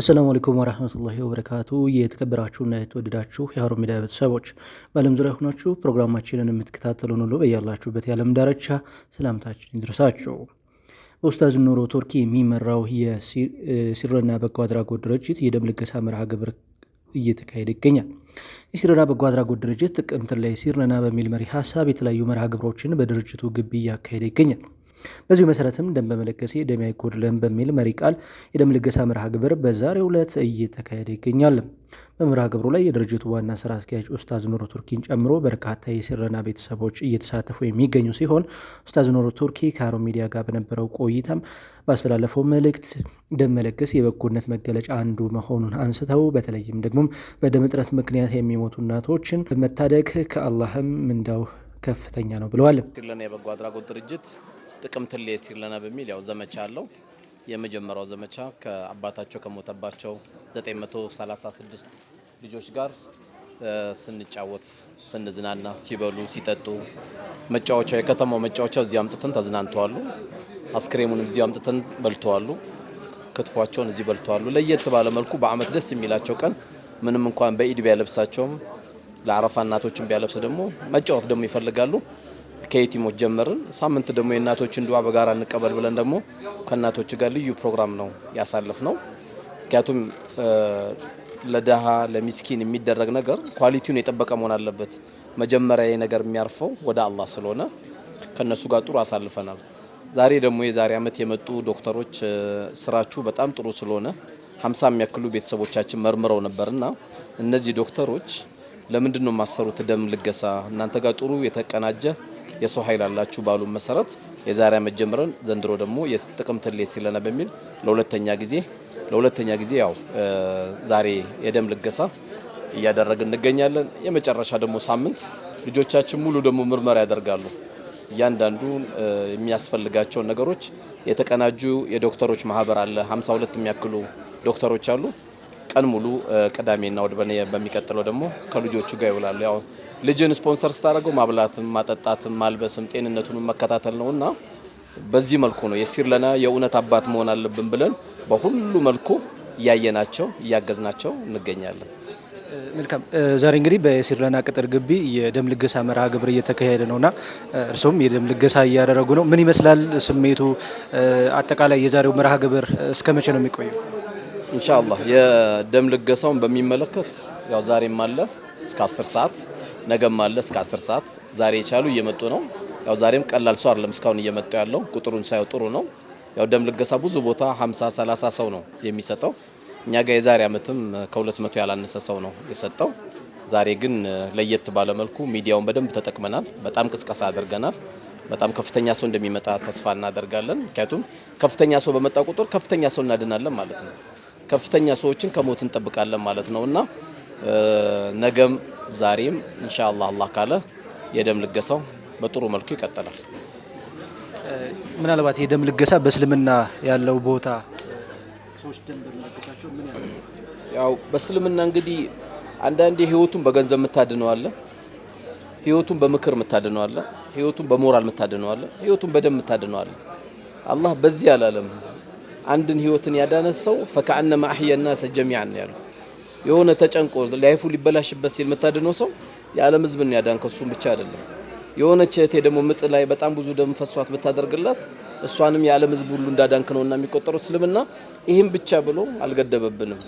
አሰላሙ አለይኩም ወረህመቱላሂ ወበረካቱ። የተከበራችሁና የተወደዳችሁ የሀሩን ሚዲያ ቤተሰቦች በዓለም ዙሪያ ሆናችሁ ፕሮግራማችንን የምትከታተሉ ሁሉ በያላችሁበት የዓለም ዳርቻ ሰላምታችን ይድረሳችሁ። በኡስታዝ ኑሮ ቱርኪ የሚመራው የሲርና በጎ አድራጎት ድርጅት የደም ልገሳ መርሃ ግብር እየተካሄደ ይገኛል። የሲረና በጎ አድራጎት ድርጅት ጥቅምት ላይ ሲረና በሚል መሪ ሀሳብ የተለያዩ መርሃ ግብሮችን በድርጅቱ ግቢ እያካሄደ ይገኛል። በዚሁ መሰረትም ደም በመለገሴ ደሜ አይጎድልም በሚል መሪ ቃል የደም ልገሳ መርሃ ግብር በዛሬው ዕለት እየተካሄደ ይገኛል። በመርሃ ግብሩ ላይ የድርጅቱ ዋና ስራ አስኪያጅ ኡስታዝ ኖሮ ቱርኪን ጨምሮ በርካታ የሲረና ቤተሰቦች እየተሳተፉ የሚገኙ ሲሆን ኡስታዝ ኖሮ ቱርኪ ከአሮ ሚዲያ ጋር በነበረው ቆይታም ባስተላለፈው መልእክት ደም መለገስ የበጎነት መገለጫ አንዱ መሆኑን አንስተው በተለይም ደግሞ በደም እጥረት ምክንያት የሚሞቱ እናቶችን መታደግ ከአላህም እንዳው ከፍተኛ ነው ብለዋል። ሲረና የበጎ አድራጎት ድርጅት ጥቅምት ሌት ሲለና በሚል ያው ዘመቻ አለው። የመጀመሪያው ዘመቻ ከአባታቸው ከሞተባቸው 936 ልጆች ጋር ስንጫወት ስንዝናና፣ ሲበሉ ሲጠጡ መጫወቻ የከተማው መጫወቻ እዚህ አምጥተን ተዝናንተዋሉ። አስክሬሙን እዚህ አምጥተን በልተዋሉ። ክትፏቸውን እዚህ በልተዋሉ። ለየት ባለ መልኩ በአመት ደስ የሚላቸው ቀን ምንም እንኳን በኢድ ቢያለብሳቸውም ለአረፋ እናቶችን ቢያለብስ ደግሞ መጫወት ደግሞ ይፈልጋሉ። ከየቲሞች ጀመርን። ሳምንት ደግሞ የእናቶችን ዱዓ በጋራ እንቀበል ብለን ደግሞ ከእናቶች ጋር ልዩ ፕሮግራም ነው ያሳለፍ ነው። ምክንያቱም ለደሃ ለሚስኪን የሚደረግ ነገር ኳሊቲውን የጠበቀ መሆን አለበት። መጀመሪያ ነገር የሚያርፈው ወደ አላህ ስለሆነ ከነሱ ጋር ጥሩ አሳልፈናል። ዛሬ ደግሞ የዛሬ ዓመት የመጡ ዶክተሮች ስራችሁ በጣም ጥሩ ስለሆነ ሀምሳ የሚያክሉ ቤተሰቦቻችን መርምረው ነበርና እነዚህ ዶክተሮች ለምንድን ነው የማሰሩት ደም ልገሳ እናንተ ጋር ጥሩ የተቀናጀ የሰው ኃይል አላችሁ ባሉ መሰረት የዛሬ ዓመት ጀምረን ዘንድሮ ደግሞ የጥቅምት እሌት ሲለና በሚል ለሁለተኛ ጊዜ ለሁለተኛ ጊዜ ያው ዛሬ የደም ልገሳ እያደረግን እንገኛለን። የመጨረሻ ደግሞ ሳምንት ልጆቻችን ሙሉ ደግሞ ምርመራ ያደርጋሉ። እያንዳንዱ የሚያስፈልጋቸውን ነገሮች የተቀናጁ የዶክተሮች ማህበር አለ። 52 የሚያክሉ ዶክተሮች አሉ። ቀን ሙሉ ቅዳሜና እሁድ በሚቀጥለው ደግሞ ከልጆቹ ጋር ይውላሉ። ያው ልጅን ስፖንሰር ስታደርገው ማብላትም ማጠጣትም ማልበስም ጤንነቱንም መከታተል ነው እና በዚህ መልኩ ነው የሲር የእውነት አባት መሆን አለብን ብለን በሁሉ መልኩ እያየናቸው እያገዝናቸው እንገኛለን። መልካም። ዛሬ እንግዲህ በሲርለና ቅጥር ግቢ የደም ልገሳ መርሃ ግብር እየተካሄደ ነውና እርሶም የደም ልገሳ እያደረጉ ነው። ምን ይመስላል ስሜቱ? አጠቃላይ የዛሬው መርሃ ግብር እስከ መቼ ነው የሚቆየው? ኢንሻአላህ የደም ልገሳውን በሚመለከት ያው ዛሬም አለ እስከ 10 ሰዓት፣ ነገም አለ እስከ 10 ሰዓት። ዛሬ የቻሉ እየመጡ ነው። ያው ዛሬም ቀላል ሰው አይደለም እስካሁን እየመጣ ያለው ቁጥሩን ሳይው ጥሩ ነው። ያው ደም ልገሳ ብዙ ቦታ 50 30 ሰው ነው የሚሰጠው። እኛ ጋር የዛሬ ዓመትም ከ200 ያላነሰ ሰው ነው የሰጠው። ዛሬ ግን ለየት ባለ መልኩ ሚዲያውን በደንብ ተጠቅመናል። በጣም ቅስቀሳ አድርገናል። በጣም ከፍተኛ ሰው እንደሚመጣ ተስፋ እናደርጋለን። ምክንያቱም ከፍተኛ ሰው በመጣ ቁጥር ከፍተኛ ሰው እናድናለን ማለት ነው። ከፍተኛ ሰዎችን ከሞት እንጠብቃለን ማለት ነው እና ነገም ዛሬም ኢንሻአላህ አላህ ካለ የደም ልገሳው በጥሩ መልኩ ይቀጥላል። ምናልባት የደም ልገሳ በእስልምና ያለው ቦታ ያው በእስልምና እንግዲህ አንዳንዴ ህይወቱን በገንዘብ የምታድነው አለ፣ ህይወቱን በምክር የምታድነው አለ፣ ህይወቱን በሞራል የምታድነው አለ፣ ህይወቱን በደም የምታድነው አለ። አላህ በዚህ አላለም። አንድን ህይወትን ያዳነሰው ፈከአነማ አህያ ናሰ ጀሚዓን ያሉ የሆነ ተጨንቆ ላይፉ ሊበላሽበት ሲል የምታድነው ሰው የዓለም ህዝብ ነው ያዳንከው፣ ብቻ አይደለም። የሆነች እህቴ ደግሞ ምጥ ላይ በጣም ብዙ ደም ፈሷት ብታደርግላት እሷንም የዓለም ህዝብ ሁሉ እንዳዳንክ ነውና የሚቆጠረው እስልምና ይህም ብቻ ብሎ አልገደበብንም።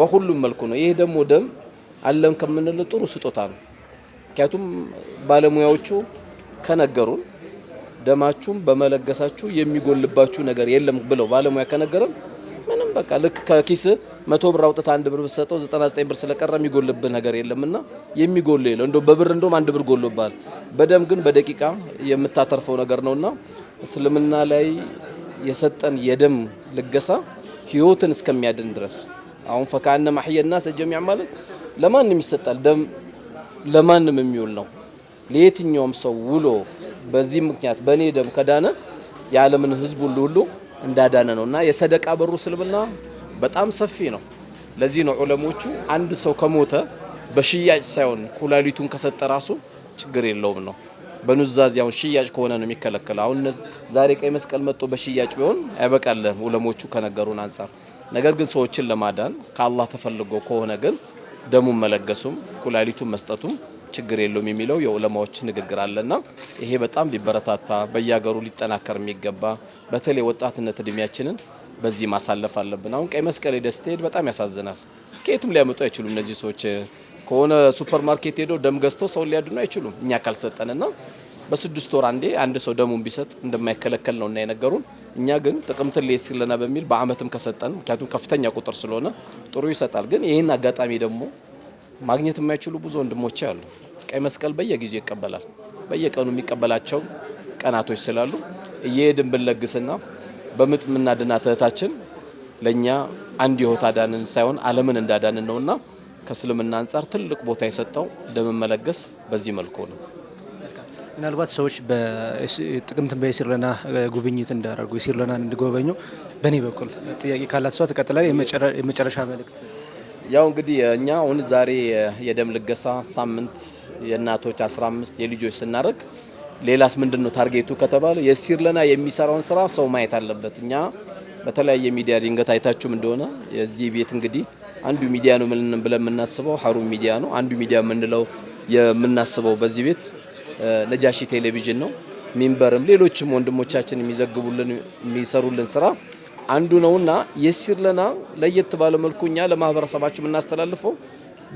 በሁሉም መልኩ ነው። ይሄ ደግሞ ደም አለን ከምንል ጥሩ ስጦታ ነው። ምክንያቱም ባለሙያዎቹ ከነገሩን ደማችሁም በመለገሳችሁ የሚጎልባችሁ ነገር የለም ብለው ባለሙያ ከነገረም ምንም በቃ ልክ ከኪስ መቶ ብር አውጥታ አንድ ብር ብትሰጠው 99 ብር ስለቀረ የሚጎልብህ ነገር የለምና የሚጎል የለው እንደው በብር እንደውም አንድ ብር ጎሎባል። በደም ግን በደቂቃ የምታተርፈው ነገር ነውና እስልምና ላይ የሰጠን የደም ልገሳ ህይወትን እስከሚያድን ድረስ አሁን ፈካነ ማህየና ሰጀሚያ ማለት ለማንም ይሰጣል። ደም ለማንም የሚውል ነው። ለየትኛውም ሰው ውሎ በዚህ ምክንያት በእኔ ደም ከዳነ የዓለምን ህዝብ ሁሉ ሁሉ እንዳዳነ ነው እና የሰደቃ በሩ እስልምና በጣም ሰፊ ነው። ለዚህ ነው ዑለሞቹ አንድ ሰው ከሞተ በሽያጭ ሳይሆን ኩላሊቱን ከሰጠ ራሱ ችግር የለውም ነው። በኑዛዜ ሽያጭ ከሆነ ነው የሚከለከለው አሁን ዛሬ ቀይ መስቀል መጥቶ በሽያጭ ቢሆን አይበቃልም ዑለሞቹ ከነገሩን አንጻር። ነገር ግን ሰዎችን ለማዳን ከአላህ ተፈልጎ ከሆነ ግን ደሙን መለገሱም ኩላሊቱን መስጠቱም ችግር የለውም የሚለው የዑለማዎች ንግግር አለና ይሄ በጣም ሊበረታታ በየሀገሩ ሊጠናከር የሚገባ በተለይ ወጣትነት እድሜያችንን በዚህ ማሳለፍ አለብን። አሁን ቀይ መስቀል ሄደህ ስትሄድ በጣም ያሳዝናል። ከየቱም ሊያመጡ አይችሉም። እነዚህ ሰዎች ከሆነ ሱፐር ማርኬት ሄደው ደም ገዝተው ሰው ሊያድኑ አይችሉም። እኛ ካልሰጠንና በስድስት ወር አንዴ አንድ ሰው ደሙን ቢሰጥ እንደማይከለከል ነው እና የነገሩን። እኛ ግን ጥቅምት ሌት በሚል በአመትም ከሰጠን ምክንያቱም ከፍተኛ ቁጥር ስለሆነ ጥሩ ይሰጣል። ግን ይህን አጋጣሚ ደግሞ ማግኘት የማይችሉ ብዙ ወንድሞች አሉ። ቀይ መስቀል በየጊዜው ይቀበላል። በየቀኑ የሚቀበላቸው ቀናቶች ስላሉ እየሄድን ብንለግስና በምጥ የምናድናት እህታችን ለእኛ አንድ የሆታ ዳንን ሳይሆን ዓለምን እንዳዳንን ነውና ከእስልምና አንጻር ትልቅ ቦታ የሰጠው ደም በዚህ መልኩ ነው። ምናልባት ሰዎች ጥቅምት በሲርለና ጉብኝት እንዳደረጉ ሲርለናን እንዲጎበኙ በእኔ በኩል ጥያቄ ካላት ሰው ትቀጥላለህ። የመጨረሻ መልእክት ያው እንግዲህ እኛ አሁን ዛሬ የደም ልገሳ ሳምንት የእናቶች 15 የልጆች ስናደርግ ሌላስ ምንድን ነው ታርጌቱ ከተባለ የሲርለና የሚሰራውን ስራ ሰው ማየት አለበት። እኛ በተለያየ ሚዲያ ድንገት አይታችሁም እንደሆነ የዚህ ቤት እንግዲህ አንዱ ሚዲያ ነው ብለን የምናስበው ሀሩ ሚዲያ ነው። አንዱ ሚዲያ የምንለው የምናስበው በዚህ ቤት ነጃሺ ቴሌቪዥን ነው። ሚንበርም ሌሎችም ወንድሞቻችን የሚዘግቡልን የሚሰሩልን ስራ አንዱ ነውና የሲር ለና ለየት ባለ መልኩ እኛ ለማህበረሰባችን የምናስተላልፈው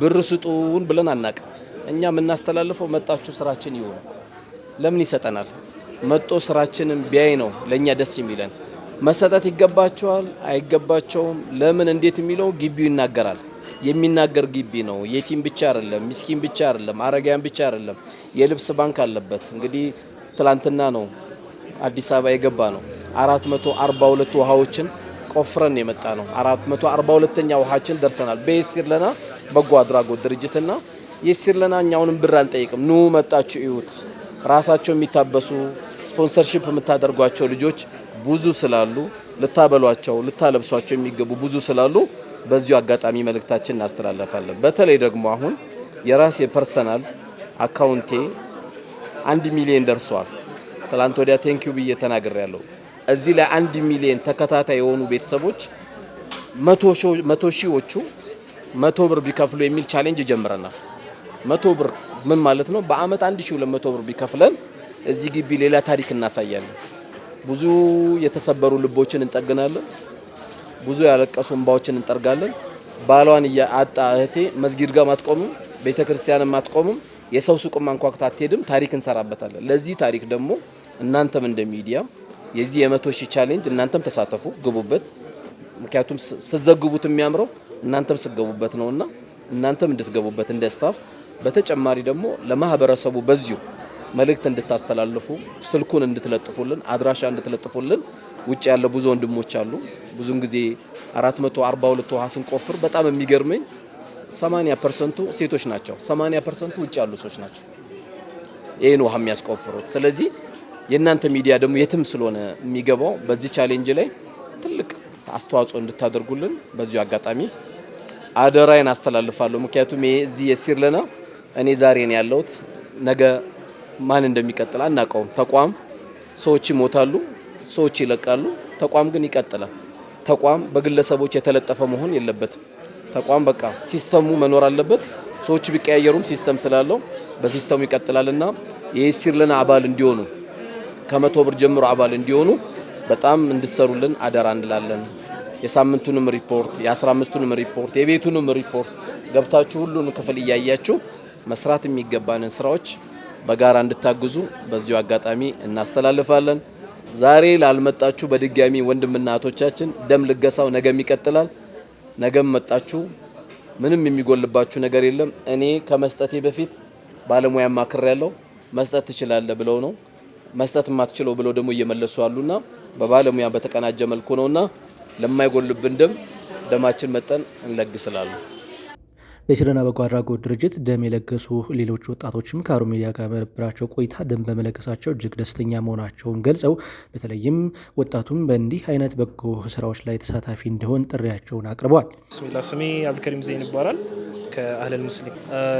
ብር ስጡን ብለን አናቅም። እኛ የምናስተላልፈው መጣችሁ ስራችን ይሁን። ለምን ይሰጠናል? መጦ ስራችንን ቢያይ ነው ለእኛ ደስ የሚለን። መሰጠት ይገባቸዋል አይገባቸውም፣ ለምን እንዴት የሚለው ግቢው ይናገራል። የሚናገር ግቢ ነው። የቲም ብቻ አይደለም፣ ሚስኪን ብቻ አይደለም፣ አረጋያን ብቻ አይደለም። የልብስ ባንክ አለበት። እንግዲህ ትላንትና ነው አዲስ አበባ የገባ ነው 442 ውሃዎችን ቆፍረን የመጣ ነው። 442ኛ ውሃችን ደርሰናል። በየሲርለና በጎ አድራጎት ድርጅትና የሲርለና እኛውንም ብር አንጠይቅም። ኑ መጣችሁ እዩት። ራሳቸው የሚታበሱ ስፖንሰርሺፕ የምታደርጓቸው ልጆች ብዙ ስላሉ ልታበሏቸው፣ ልታለብሷቸው የሚገቡ ብዙ ስላሉ በዚሁ አጋጣሚ መልእክታችን እናስተላለፋለን። በተለይ ደግሞ አሁን የራሴ ፐርሰናል አካውንቴ አንድ ሚሊዮን ደርሷል። ትላንት ወዲያ ቴንኪዩ ብዬ ያለው እዚህ አንድ ሚሊዮን ተከታታይ የሆኑ ቤተሰቦች መቶ ሺዎቹ መቶ ብር ቢከፍሉ የሚል ቻሌንጅ ጀምረናል። መቶ ብር ምን ማለት ነው? በአመት አንድ ሺ ሁለት መቶ ብር ቢከፍለን እዚህ ግቢ ሌላ ታሪክ እናሳያለን። ብዙ የተሰበሩ ልቦችን እንጠግናለን። ብዙ ያለቀሱ እንባዎችን እንጠርጋለን። ባሏን እያጣ እህቴ መስጊድ ጋር አትቆምም፣ ቤተ ክርስቲያንም አትቆምም፣ የሰው ሱቅም አንኳኩታ አትሄድም። ታሪክ እንሰራበታለን። ለዚህ ታሪክ ደግሞ እናንተም እንደ ሚዲያ የዚህ የመቶ ሺህ ቻሌንጅ እናንተም ተሳተፉ፣ ግቡበት። ምክንያቱም ስዘግቡት የሚያምረው እናንተም ስገቡበት ነውና እናንተም እንድትገቡበት እንደ ስታፍ። በተጨማሪ ደግሞ ለማህበረሰቡ በዚሁ መልእክት እንድታስተላልፉ ስልኩን እንድትለጥፉልን፣ አድራሻ እንድትለጥፉልን። ውጭ ያለ ብዙ ወንድሞች አሉ። ብዙን ጊዜ 442 ውሃ ስንቆፍር በጣም የሚገርመኝ 80 ፐርሰንቱ ሴቶች ናቸው። 80 ፐርሰንቱ ውጭ ያሉ ሰዎች ናቸው ይህን ውሃ የሚያስቆፍሩት። ስለዚህ የእናንተ ሚዲያ ደግሞ የትም ስለሆነ የሚገባው በዚህ ቻሌንጅ ላይ ትልቅ አስተዋጽኦ እንድታደርጉልን በዚሁ አጋጣሚ አደራዬን አስተላልፋለሁ። ምክንያቱም እዚህ የሲርለና እኔ ዛሬን ያለውት ያለሁት፣ ነገ ማን እንደሚቀጥል አናውቀውም። ተቋም ሰዎች ይሞታሉ፣ ሰዎች ይለቃሉ፣ ተቋም ግን ይቀጥላል። ተቋም በግለሰቦች የተለጠፈ መሆን የለበትም። ተቋም በቃ ሲስተሙ መኖር አለበት። ሰዎች ቢቀያየሩም ሲስተም ስላለው በሲስተሙ ይቀጥላልና የሲርለና አባል እንዲሆኑ ከመቶ ብር ጀምሮ አባል እንዲሆኑ በጣም እንድትሰሩልን አደራ እንላለን። የሳምንቱንም ሪፖርት የ15ቱንም ሪፖርት የቤቱንም ሪፖርት ገብታችሁ ሁሉን ክፍል እያያችሁ መስራት የሚገባንን ስራዎች በጋራ እንድታግዙ በዚሁ አጋጣሚ እናስተላልፋለን። ዛሬ ላልመጣችሁ በድጋሚ ወንድምና እህቶቻችን ደም ልገሳው ነገም ይቀጥላል። ነገም መጣችሁ ምንም የሚጎልባችሁ ነገር የለም። እኔ ከመስጠቴ በፊት ባለሙያ ማክር ያለው መስጠት ትችላለህ ብለው ነው መስጠት የማትችለው ብለው ደግሞ እየመለሱ አሉና በባለሙያ በተቀናጀ መልኩ ነውና ለማይጎልብን ደም ደማችን መጠን እንለግስላለን። የሲረና በጎ አድራጎት ድርጅት ደም የለገሱ ሌሎች ወጣቶችም ከሀሩን ሚዲያ ጋር በነበራቸው ቆይታ ደም በመለገሳቸው እጅግ ደስተኛ መሆናቸውን ገልጸው በተለይም ወጣቱም በእንዲህ አይነት በጎ ስራዎች ላይ ተሳታፊ እንዲሆን ጥሪያቸውን አቅርበዋል። ብስሚላ ስሜ አብዱልከሪም ዜን ይባላል። ከአህለል ሙስሊም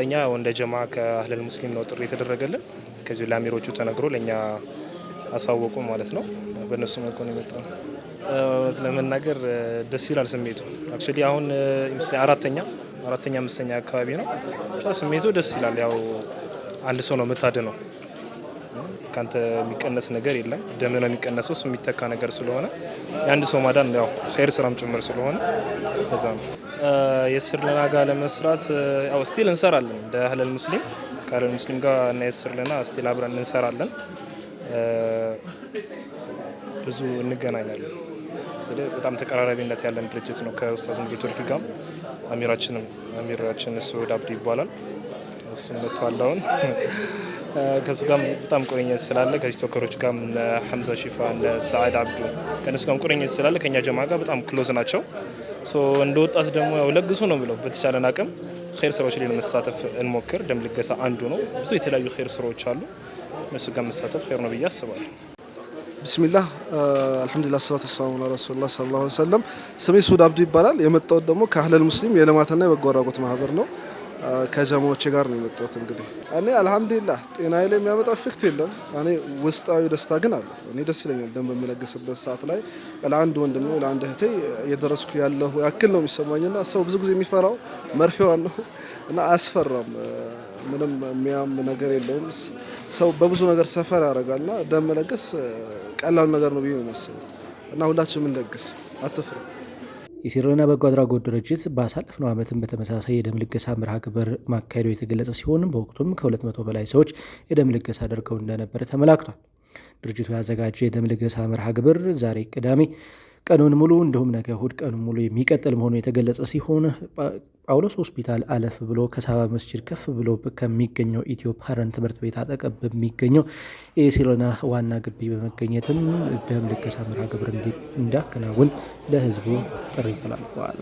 እኛ እንደ ጀማ ከአህለል ሙስሊም ነው ጥሪ የተደረገልን። ከዚሁ ለአሚሮቹ ተነግሮ ለእኛ አሳወቁ ማለት ነው። በእነሱ መልኩ ነው የመጣ ለመናገር ደስ ይላል ስሜቱ አክቹዋሊ አሁን አራተኛ አራተኛ አምስተኛ አካባቢ ነው። ስሜቱ ደስ ይላል። ያው አንድ ሰው ነው የምታድነው። ከአንተ የሚቀነስ ነገር የለም። ደም ነው የሚቀነሰው፣ እሱ የሚተካ ነገር ስለሆነ የአንድ ሰው ማዳን ያው ኸይር ስራም ጭምር ስለሆነ እዛ ነው። የስር ለና ጋር ለመስራት ያው ስቲል እንሰራለን እንደ አህለል ሙስሊም ከአህለል ሙስሊም ጋር እና የስር ለና ስቲል አብረን እንሰራለን። ብዙ እንገናኛለን። በጣም ተቀራራቢነት ያለን ድርጅት ነው ከኡስታዝ እንግዲህ ቱርኪ ጋር አሚራችንም አሚራችን ስዑድ አብዲ ይባላል። እሱም መጥቷል አሁን ከሱ ጋር በጣም ቁርኝት ስላለ ከቲክቶከሮች ጋር ሐምዛ ሺፋ እነ ሰዓድ አብዱ ከነሱ ጋር ቁርኝት ስላለ ከእኛ ጀማ ጋር በጣም ክሎዝ ናቸው። እንደ ወጣት ደግሞ ያው ለግሱ ነው ብለው በተቻለን አቅም ር ስራዎች ላይ ለመሳተፍ እንሞክር። ደም ልገሳ አንዱ ነው። ብዙ የተለያዩ ር ስራዎች አሉ። እነሱ ጋር መሳተፍ ር ነው ብዬ አስባለሁ። ብስሚላህ አልሐምዱሊላህ ሰላቱ ወሰላሙ ዐላ ረሱሊላህ ሰለላሁ ዐለይሂ ወሰለም። ስሜ ሱድ አብዱ ይባላል። የመጣሁት ደግሞ ከአህለል ሙስሊም የልማትና የበጎ አድራጎት ማህበር ነው። ከጀማዎቼ ጋር ነው የመጣሁት። እንግዲህ እኔ አልሐምዱሊላህ ጤና ላይ የሚያመጣ ኢፌክት የለም። እኔ ውስጣዊ ደስታ ግን አለ። እኔ ደስ ይለኛል ደም በምለግስበት ሰዓት ላይ ለአንድ ወንድም ነው ለአንድ እህቴ የደረስኩ ያለሁ ያክል ነው የሚሰማኝና ሰው ብዙ ጊዜ የሚፈራው መርፌዋን ነው እና አያስፈራም ምንም የሚያም ነገር የለውም። ሰው በብዙ ነገር ሰፈር ያደርጋልና ደም መለገስ ቀላሉ ነገር ነው ብዬ ነው የማስበው እና ሁላችንም እንደግስ፣ አትፍሩ። የሲሮና በጎ አድራጎት ድርጅት በአሳለፍነው ዓመትም በተመሳሳይ የደም ልገሳ መርሃ ግብር ማካሄዱ የተገለጸ ሲሆን በወቅቱም ከሁለት መቶ በላይ ሰዎች የደም ልገሳ አድርገው እንደነበረ ተመላክቷል። ድርጅቱ ያዘጋጀ የደም ልገሳ መርሃ ግብር ዛሬ ቅዳሜ ቀኑን ሙሉ እንዲሁም ነገ እሁድ ቀኑን ሙሉ የሚቀጥል መሆኑ የተገለጸ ሲሆን ጳውሎስ ሆስፒታል አለፍ ብሎ ከሳባ መስጂድ ከፍ ብሎ ከሚገኘው ኢትዮ ፓረን ትምህርት ቤት አጠገብ በሚገኘው የሴሎና ዋና ግቢ በመገኘትም ደም ልገሳ መርሃ ግብር እንዲያከናውን ለህዝቡ ጥሪ ተላልፈዋል።